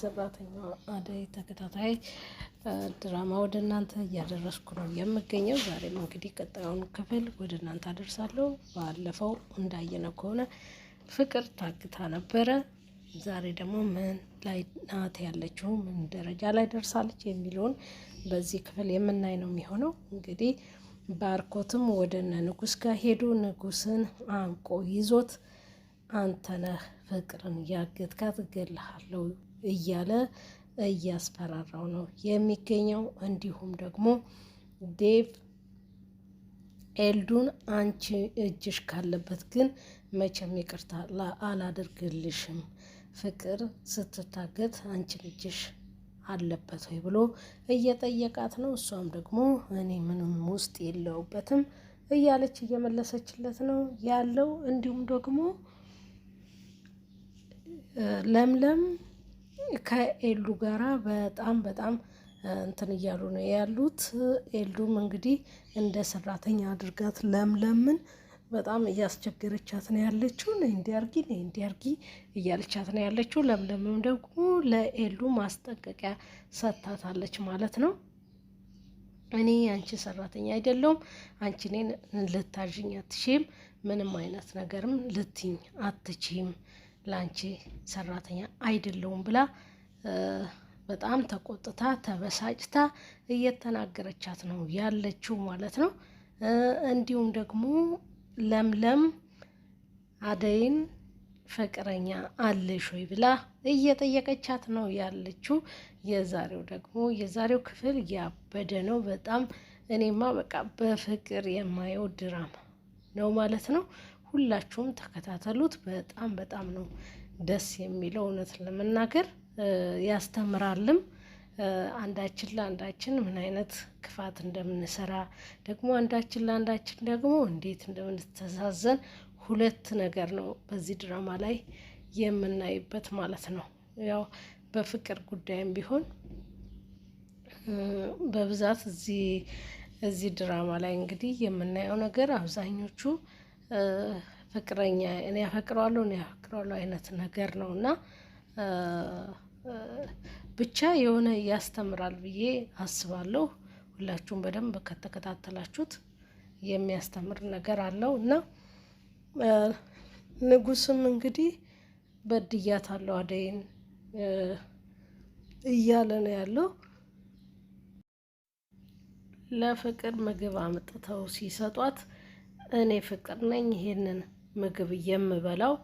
ሰራተኛዋ አደይ ተከታታይ ድራማ ወደ እናንተ እያደረስኩ ነው የምገኘው። ዛሬም እንግዲህ ቀጣዩን ክፍል ወደ እናንተ አደርሳለሁ። ባለፈው እንዳየነው ከሆነ ፍቅር ታግታ ነበረ። ዛሬ ደግሞ ምን ላይ ናት ያለችው፣ ምን ደረጃ ላይ ደርሳለች የሚለውን በዚህ ክፍል የምናይ ነው የሚሆነው እንግዲህ ባርኮትም ወደ እነ ንጉስ ጋር ሄዶ ንጉስን አንቆ ይዞት አንተነህ ፍቅርን ያገትካት እገልሃለሁ እያለ እያስፈራራው ነው የሚገኘው። እንዲሁም ደግሞ ዴቭ ኤልዱን አንቺ እጅሽ ካለበት ግን መቼም ይቅርታ አላደርግልሽም፣ ፍቅር ስትታገት አንቺን እጅሽ አለበት ወይ ብሎ እየጠየቃት ነው። እሷም ደግሞ እኔ ምንም ውስጥ የለውበትም እያለች እየመለሰችለት ነው ያለው። እንዲሁም ደግሞ ለምለም ከኤልዱ ጋራ በጣም በጣም እንትን እያሉ ነው ያሉት። ኤልዱም እንግዲህ እንደ ሰራተኛ አድርጋት ለምለምን በጣም እያስቸገረቻት ነው ያለችው። ነይ እንዲያርጊ ነይ እንዲያርጊ እያለቻት ነው ያለችው። ለምለምም ደግሞ ለኤሉ ማስጠንቀቂያ ሰጥታታለች ማለት ነው። እኔ አንቺ ሰራተኛ አይደለውም፣ አንቺ እኔን ልታዥኝ አትችም፣ ምንም አይነት ነገርም ልትኝ አትችም፣ ለአንቺ ሰራተኛ አይደለውም ብላ በጣም ተቆጥታ ተበሳጭታ እየተናገረቻት ነው ያለችው ማለት ነው። እንዲሁም ደግሞ ለምለም አደይን ፍቅረኛ አለሽ ወይ ብላ እየጠየቀቻት ነው ያለችው። የዛሬው ደግሞ የዛሬው ክፍል ያበደ ነው በጣም እኔማ በቃ በፍቅር የማየው ድራማ ነው ማለት ነው። ሁላችሁም ተከታተሉት። በጣም በጣም ነው ደስ የሚለው እውነት ለመናገር ያስተምራልም አንዳችን ለአንዳችን ምን አይነት ክፋት እንደምንሰራ ደግሞ አንዳችን ለአንዳችን ደግሞ እንዴት እንደምንተዛዘን ሁለት ነገር ነው በዚህ ድራማ ላይ የምናይበት ማለት ነው። ያው በፍቅር ጉዳይም ቢሆን በብዛት እዚህ እዚህ ድራማ ላይ እንግዲህ የምናየው ነገር አብዛኞቹ ፍቅረኛ እኔ ያፈቅረዋለሁ እኔ ያፈቅረዋለሁ አይነት ነገር ነው እና ብቻ የሆነ ያስተምራል ብዬ አስባለሁ። ሁላችሁም በደንብ ከተከታተላችሁት የሚያስተምር ነገር አለው እና ንጉስም እንግዲህ በድያታለሁ አደይን እያለ ነው ያለው። ለፍቅር ምግብ አምጥተው ሲሰጧት እኔ ፍቅር ነኝ ይሄንን ምግብ የምበላው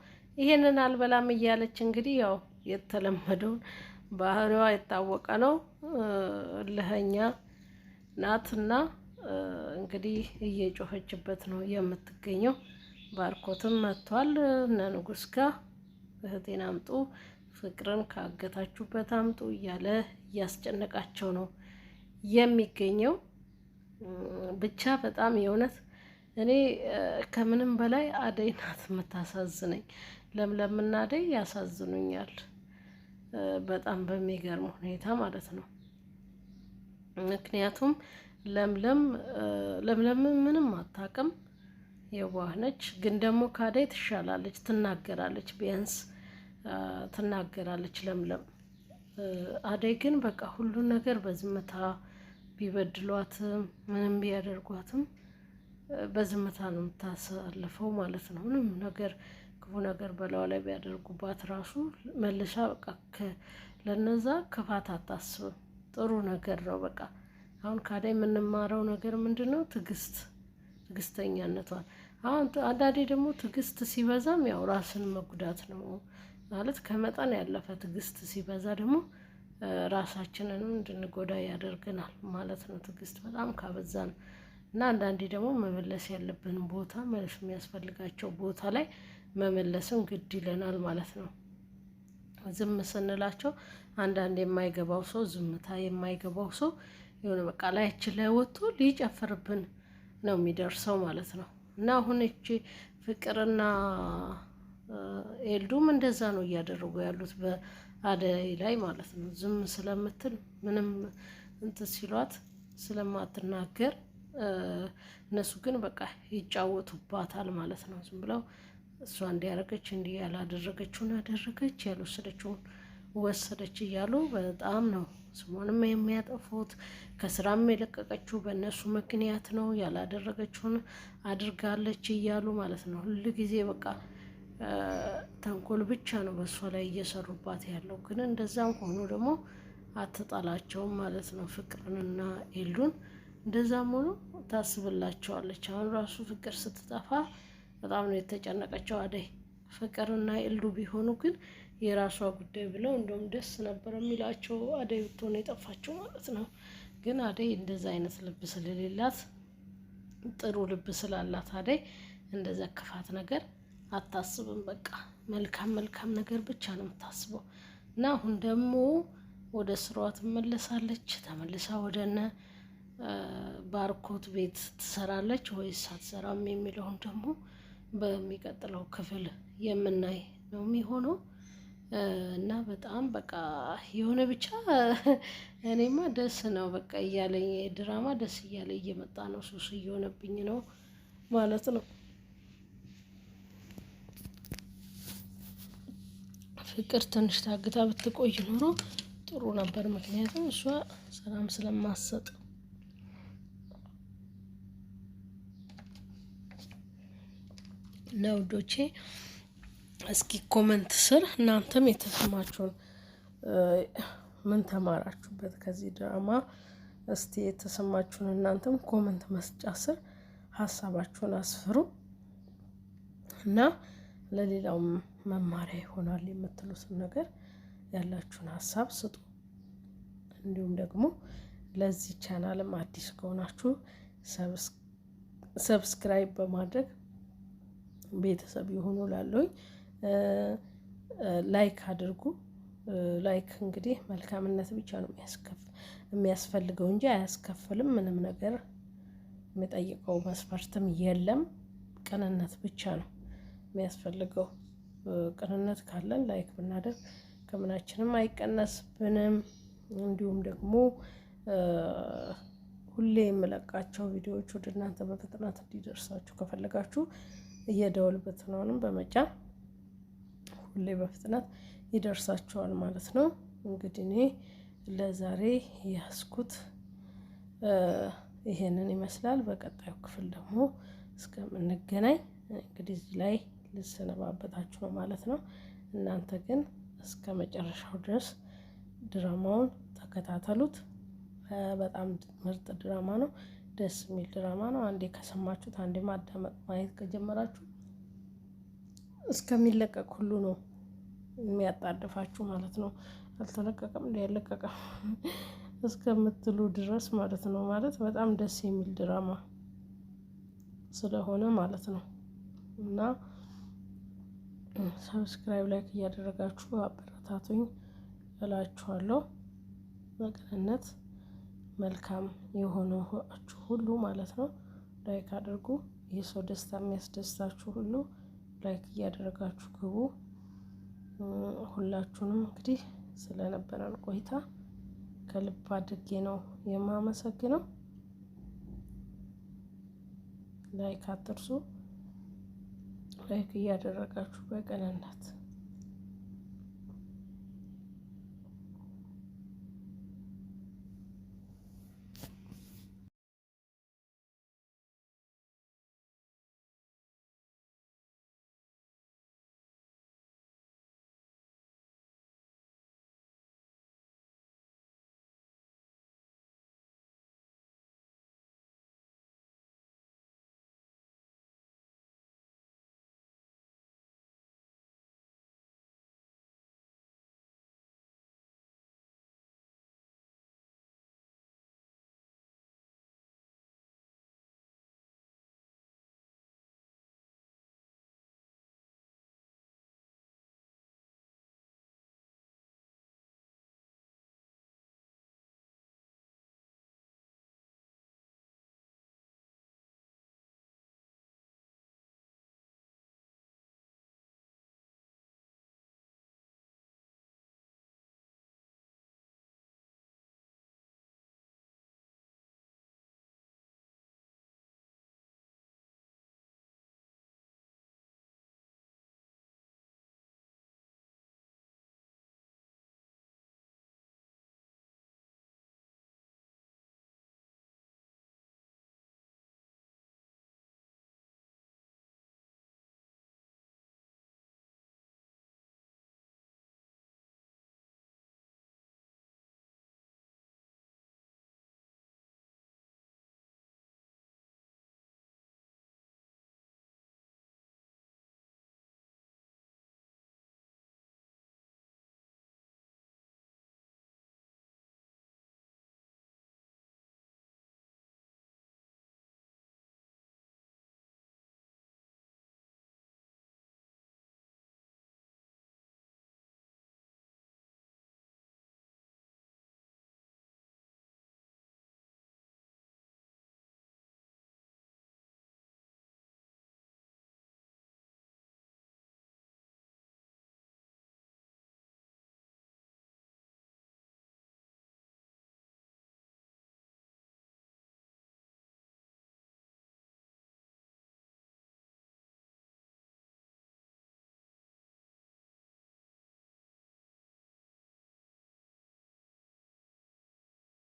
ይሄንን አልበላም እያለች እንግዲህ ያው የተለመደውን ባህሪዋ የታወቀ ነው። እልኸኛ ናትና እንግዲህ እየጮኸችበት ነው የምትገኘው። ባርኮትም መጥቷል። እነ ንጉስ ጋር እህቴን አምጡ፣ ፍቅርን ካገታችሁበት አምጡ እያለ እያስጨነቃቸው ነው የሚገኘው። ብቻ በጣም የእውነት እኔ ከምንም በላይ አደይ ናት የምታሳዝነኝ። ለምለምና አደይ ያሳዝኑኛል። በጣም በሚገርም ሁኔታ ማለት ነው። ምክንያቱም ለምለም ለምለም ምንም አታውቅም፣ የዋህ ነች። ግን ደግሞ ካዳይ ትሻላለች፣ ትናገራለች፣ ቢያንስ ትናገራለች ለምለም። አዳይ ግን በቃ ሁሉን ነገር በዝምታ ቢበድሏትም ምንም ቢያደርጓትም በዝምታ ነው የምታሳልፈው ማለት ነው ምንም ነገር ክፉ ነገር በላዋ ላይ ቢያደርጉባት ራሱ መልሻ በቃ ለነዛ ክፋት አታስብም። ጥሩ ነገር ነው። በቃ አሁን ካዳ የምንማረው ነገር ምንድን ነው? ትዕግስት፣ ትዕግስተኛነቷን። አሁን አንዳንዴ ደግሞ ትዕግስት ሲበዛም ያው ራስን መጉዳት ነው ማለት ከመጠን ያለፈ ትዕግስት ሲበዛ ደግሞ ራሳችንን እንድንጎዳ ያደርገናል ማለት ነው። ትዕግስት በጣም ካበዛን እና አንዳንዴ ደግሞ መመለስ ያለብን ቦታ መለስ የሚያስፈልጋቸው ቦታ ላይ መመለስም ግድ ይለናል ማለት ነው። ዝም ስንላቸው አንዳንድ የማይገባው ሰው ዝምታ የማይገባው ሰው የሆነ በቃ ላያችን ላይ ወጥቶ ሊጨፍርብን ነው የሚደርሰው ማለት ነው። እና አሁን እቺ ፍቅርና ኤልዱም እንደዛ ነው እያደረጉ ያሉት በአደይ ላይ ማለት ነው። ዝም ስለምትል ምንም እንትን ሲሏት ስለማትናገር እነሱ ግን በቃ ይጫወቱባታል ማለት ነው ዝም ብለው እሷ እንዲያረገች እንዲ ያላደረገችውን አደረገች፣ ያልወሰደችውን ወሰደች እያሉ በጣም ነው ስሟንም የሚያጠፉት። ከስራም የለቀቀችው በእነሱ ምክንያት ነው፣ ያላደረገችውን አድርጋለች እያሉ ማለት ነው። ጊዜ በቃ ተንኮል ብቻ ነው በእሷ ላይ እየሰሩባት ያለው። ግን እንደዛም ሆኖ ደግሞ አትጣላቸውም ማለት ነው። ፍቅርንና ኤሉን እንደዛም ሆኖ ታስብላቸዋለች። አሁን ራሱ ፍቅር ስትጠፋ በጣም ነው የተጨነቀችው አደይ። ፍቅርና ኤልዱ ቢሆኑ ግን የራሷ ጉዳይ ብለው እንደውም ደስ ነበር የሚላቸው አደይ ብትሆን የጠፋቸው ማለት ነው። ግን አደይ እንደዛ አይነት ልብ ስለሌላት ጥሩ ልብ ስላላት አደይ እንደዛ ክፋት ነገር አታስብም። በቃ መልካም መልካም ነገር ብቻ ነው የምታስበው። እና አሁን ደግሞ ወደ ስሯ ትመለሳለች። ተመልሳ ወደ እነ ባርኮት ቤት ትሰራለች ወይስ አትሰራም የሚለውን ደግሞ በሚቀጥለው ክፍል የምናይ ነው የሚሆነው እና በጣም በቃ የሆነ ብቻ እኔማ ደስ ነው በቃ እያለኝ ድራማ ደስ እያለ እየመጣ ነው፣ ሱስ እየሆነብኝ ነው ማለት ነው። ፍቅር ትንሽ ታግታ ብትቆይ ኖሮ ጥሩ ነበር። ምክንያቱም እሷ ሰላም ስለማሰጥ ነው ዶቼ። እስኪ ኮመንት ስር እናንተም የተሰማችሁን ምን ተማራችሁበት ከዚህ ድራማ? እስቲ የተሰማችሁን እናንተም ኮመንት መስጫ ስር ሀሳባችሁን አስፍሩ እና ለሌላው መማሪያ ይሆናል የምትሉትን ነገር ያላችሁን ሀሳብ ስጡ። እንዲሁም ደግሞ ለዚህ ቻናልም አዲስ ከሆናችሁ ሰብስክራይብ በማድረግ ቤተሰብ የሆኑ ላለኝ ላይክ አድርጉ። ላይክ እንግዲህ መልካምነት ብቻ ነው የሚያስፈልገው እንጂ አያስከፍልም። ምንም ነገር የሚጠይቀው መስፈርትም የለም። ቅንነት ብቻ ነው የሚያስፈልገው። ቅንነት ካለን ላይክ ብናደርግ ከምናችንም አይቀነስብንም። እንዲሁም ደግሞ ሁሌ የምለቃቸው ቪዲዮዎች ወደ እናንተ በፍጥነት እንዲደርሳችሁ ከፈለጋችሁ የደወል በትኗንም በመጫን ሁሌ በፍጥነት ይደርሳቸዋል ማለት ነው። እንግዲህ እኔ ለዛሬ ያስኩት ይሄንን ይመስላል። በቀጣዩ ክፍል ደግሞ እስከምንገናኝ እንግዲህ እዚህ ላይ ልሰነባበታችሁ ነው ማለት ነው። እናንተ ግን እስከ መጨረሻው ድረስ ድራማውን ተከታተሉት። በጣም ምርጥ ድራማ ነው። ደስ የሚል ድራማ ነው። አንዴ ከሰማችሁት አንዴ ማዳመጥ ማየት ከጀመራችሁ እስከሚለቀቅ ሁሉ ነው የሚያጣድፋችሁ ማለት ነው። አልተለቀቀም እንዲ ያለቀቀ እስከምትሉ ድረስ ማለት ነው። ማለት በጣም ደስ የሚል ድራማ ስለሆነ ማለት ነው እና ሰብስክራይብ ላይክ እያደረጋችሁ አበረታቱኝ እላችኋለሁ በቅንነት መልካም ሆናችሁ ሁሉ ማለት ነው ላይክ አድርጉ። የሰው ደስታ የሚያስደስታችሁ ሁሉ ላይክ እያደረጋችሁ ግቡ። ሁላችሁንም እንግዲህ ስለነበረን ቆይታ ከልብ አድርጌ ነው የማመሰግነው። ላይክ አትርሱ። ላይክ እያደረጋችሁ በቀንነት